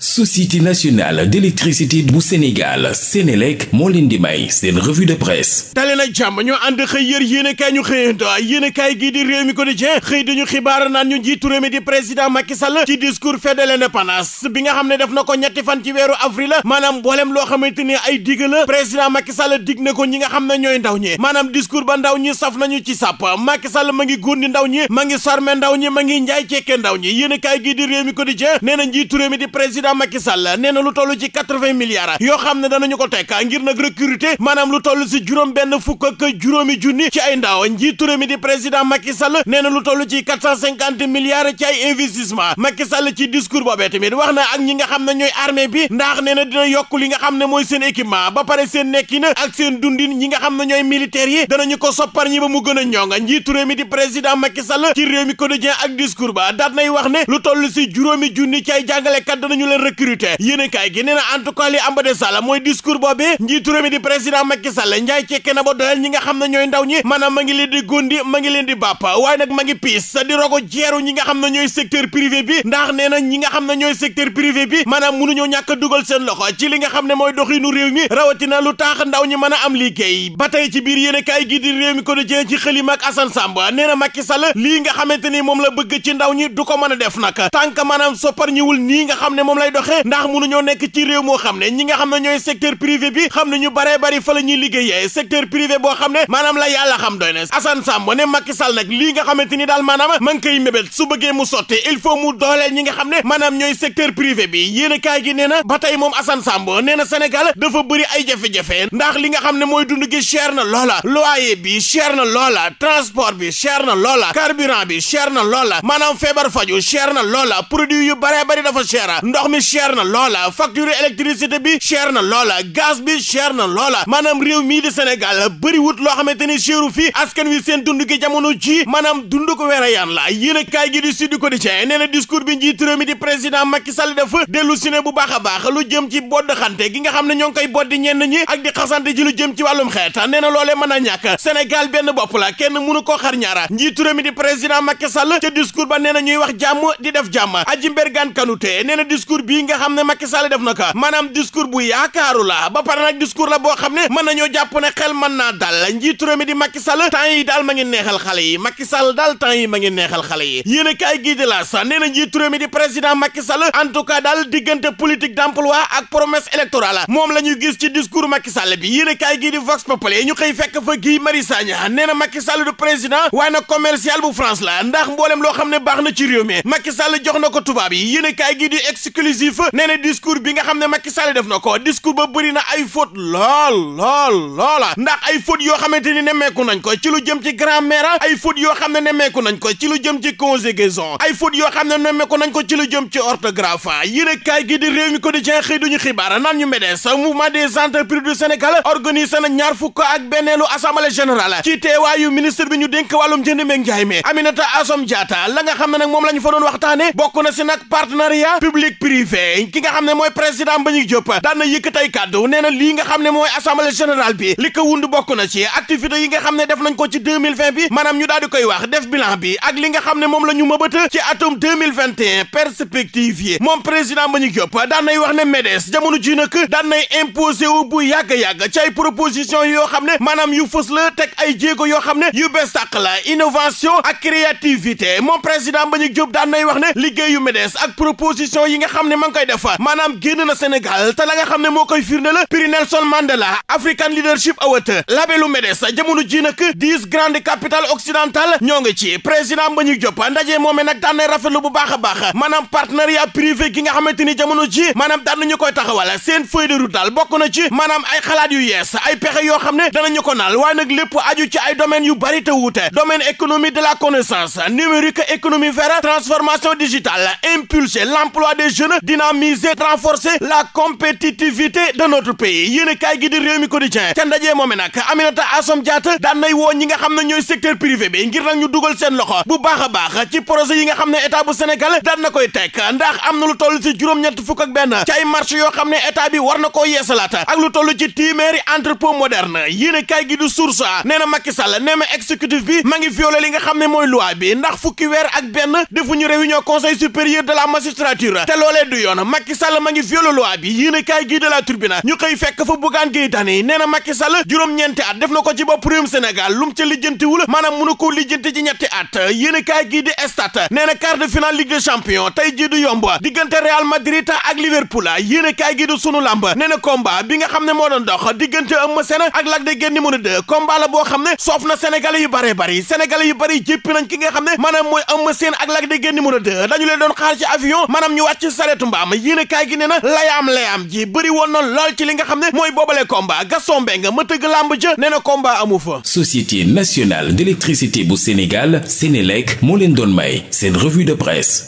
société nationale d'électricité bu Sénégal Sénélec moo leen di may seen revue de presse tali na jàmm ñoo ànd xëy yër yéenekaay ñu xëyanto yéenekaay gii di réew mi quotidien xëy dañu xibaar naan ñu njiitu mi di président Macky ci discours fête de l'indépendance bi nga xam ne def na ko ñetti fan ci weeru avril maanaam mboolem loo xamante ni ay digg la président Macky Sall dig ko ñi nga xam ne ñooy ndaw ñi maanaam discours ba ndaw ñi saf nañu ma ngi góndi ma ngi sarme président Macky Sall lu toll ci quatre-vingts yoo xam ne danañu ko teg ngir nag recruter maanaam lu toll si juróom benn fukk ak juróomi junni ci ay ndaw njiitu réew mi di président Macky Sall nee na lu toll ci quatre cent cinquante milliards ci ay Sall ci discours boobee wax na ak nga xam ne ñooy armée bi ndax nee na dina yokk li nga xam ne mooy seen équipement ba pare seen nekkin ak seen dundin ñi nga xam ne ñooy militaires yi danañu ko soppar ñi ba mu gën a ñonga njiitu réew mi di président Macky Sall ci réew mi quotidien ak discours ba daat nay wax ne lu toll si juróomi junni ci ay jàngalekat danañu leen a recruter yéenekaay gi nee na en tout mooy discours boobi njiitu mi di président Macky Sall njaay cekke na ba doyal ñi nga xam ne ñooy ndaw ñi maanaam ma ngi leen di góndi ma ngi leen di bàpp waaye nag ma ngi piis di rogo jeeru ñi nga xam ne ñooy secteur privé bi ndax nee ñi nga xam ne ñooy secteur privé bi maanaam mënuñoo ñàkk a dugal seen loxo ci li nga xam ne mooy doxinu réew mi rawatina lu tax ndaw ñi mën a am liggéey ba tey ci a lay doxee ndax mënuñoo nekk ci réew moo xam ne ñi nga xam ne ñooy secteur privé bi xam ne ñu baree bari fa la ñuy liggéeyee secteur privé boo xam ne maanaam la yàlla xam doy na Assane Samb ne Macky Sall nag lii nga xamante ni daal maanaam ma ngi koy mébét su bëggee mu sotti il faut mu doole ñi nga xam ne maanaam ñooy secteur privé bi yéen kaay gi nee na ba tey moom Assane Samb nee na Sénégal dafa bëri ay jafe-jafe ndax li nga xam ne mooy dund gi cher na loola loyer bi cher na loola transport bi cher na loola carburant bi na loola maanaam feebar faju na loola produit yu baree bari dafa mi cher na loola facture électricité bi cher na loola gaz bi cher na loola maanaam réew mii di Sénégal bëri wut loo xamante ni cheru fii askan wi seen dund gi jamono ji maanaam dund ko weer a yaan la yéen a kaay gi di Sud Quotidien nee na discours bi njiit di président Macky Sall dafa dellu si bu baax a jëm ci bodd xante gi nga xam ne ñoo ngi koy boddi ñi ak di xasante ji lu jëm ci wàllum xeet nee na loolee a ñàkk Sénégal benn bopp la kenn discours bii nga xam ne Macky def na ko maanaam discours bu yaakaaru la ba nag discours la boo xam ne mën nañoo jàpp ne xel mën naa dal njiitu mi di Macky Sall yi daal ma ngi neexal xale yi Macky Sall daal yi ma ngi neexal xale yi yéen a gii di la sax nee na mi di président Macky Sall en diggante politique d'emploi ak promesse électorale moom la ñu gis ci discours Macky bi yéen a gii di Vox Populi ñu xëy fekk fa Guy Marius Sagna nee na exclusif nee na discours bi nga xam ne Macky Sall def na ko discours ba bëri na ay faute lool lool loola ndax ay faute yoo xamante ni nemmeeku nañ ko ci lu jëm ci grammaire ay faute yoo xam ne nemmeeku nañ ko ci lu jëm ci conjugaison ay faute yoo xam ne nemmeeku nañ ko ci lu jëm ci orthographe yéen a kaay gi di réew mi quotidien xëy duñu xibaar naan ñu MEDES mouvement des entreprises du Sénégal organisé na ñaar fukk ak benneelu assemblée générale ci teewaayu ministre bi ñu dénk wàllum jënd meeg njaay mi Aminata Assome Diatta la nga xam ne moom la ñu fa doon waxtaane bokk na si yi feeñ ki nga xam ne mooy président Mbagnick Diop daan wax ne MEDES jamono ji nag daan bu yàgg-yàgg ci ay proposition yoo xam ne maanaam yu fës la teg ay jéego yoo xam ne yu bees tàq la innovation ak créativité moom président Mbagnick Diop daan wax ne liggéeyu MEDES ak proposition yi nga xam xam ne ma ngi koy def maanaam génn na Sénégal te nga xam ne moo koy firnde la prix Nelson Mandela African Leadership Award labelu MEDES jamono ji nag dix grandes capitales occidentales ñoo ngi ci président ba ñu jop ndaje moomee nag daan na rafetlu bu baax a baax maanaam partenariat privé gi nga xamante ni jamono ji maanaam daan nañu koy taxawal seen feuille de route bokk na ci maanaam ay xalaat yu yees ay pexe yoo xam ne danañu ko naal waaye nag lépp aju ci ay domaines yu bari te wuute domaine économie de la connaissance numérique économie verte dynamiser renforcer la compétitivité de notre pays yéen a gi di réew mi quotidien ca ndaje moom nag Aminata Assome Diatta daan nay woo ñi nga xam ne ñooy secteur privé bi ngir nag ñu dugal seen loxo bu baax a baax ci projet yi nga xam ne état bu Sénégal daan na koy teg ndax am na lu toll si juróom-ñett fukk ak benn ci ay marché yoo xam ne état bi war na koo yeesalaat ak lu toll ci téeméeri entrepôt moderne yéen a gi di source nee na Macky Sall bi ma ngi li nga xam ne mooy loi bi ndax benn defuñu réunion conseil supérieur du yoon Macky Sall ma ngi violé loi bi la Tribune ñu xëy fekk fa Bougane Gueye Dany nee juróom-ñeenti at def na ko ci bopp réewum Sénégal lu mu ca lijjantiwul maanaam mënu ko lijjanti ñetti at yéenekaay gi di Stades nee na de finale Ligue des Champions tey jii yomb diggante Real Madrid ak Liverpool yéenekaay gi di Sunu Lamb nee na bi nga xam ne moo dox diggante Eumeu Sène ak de Guiers numéro 2 combat boo xam ne soof na Sénégalais Ajaratu Mbaam yéen a kaay gi ne na layaam layaam ji bëri woon na lool ci li nga xam ne mooy boobale combat Gaston Mbengue ma tëgg làmb ja nee na combat amu fa. Société nationale d'électricité bu Sénégal Sénélec moo leen doon may seen revue de presse.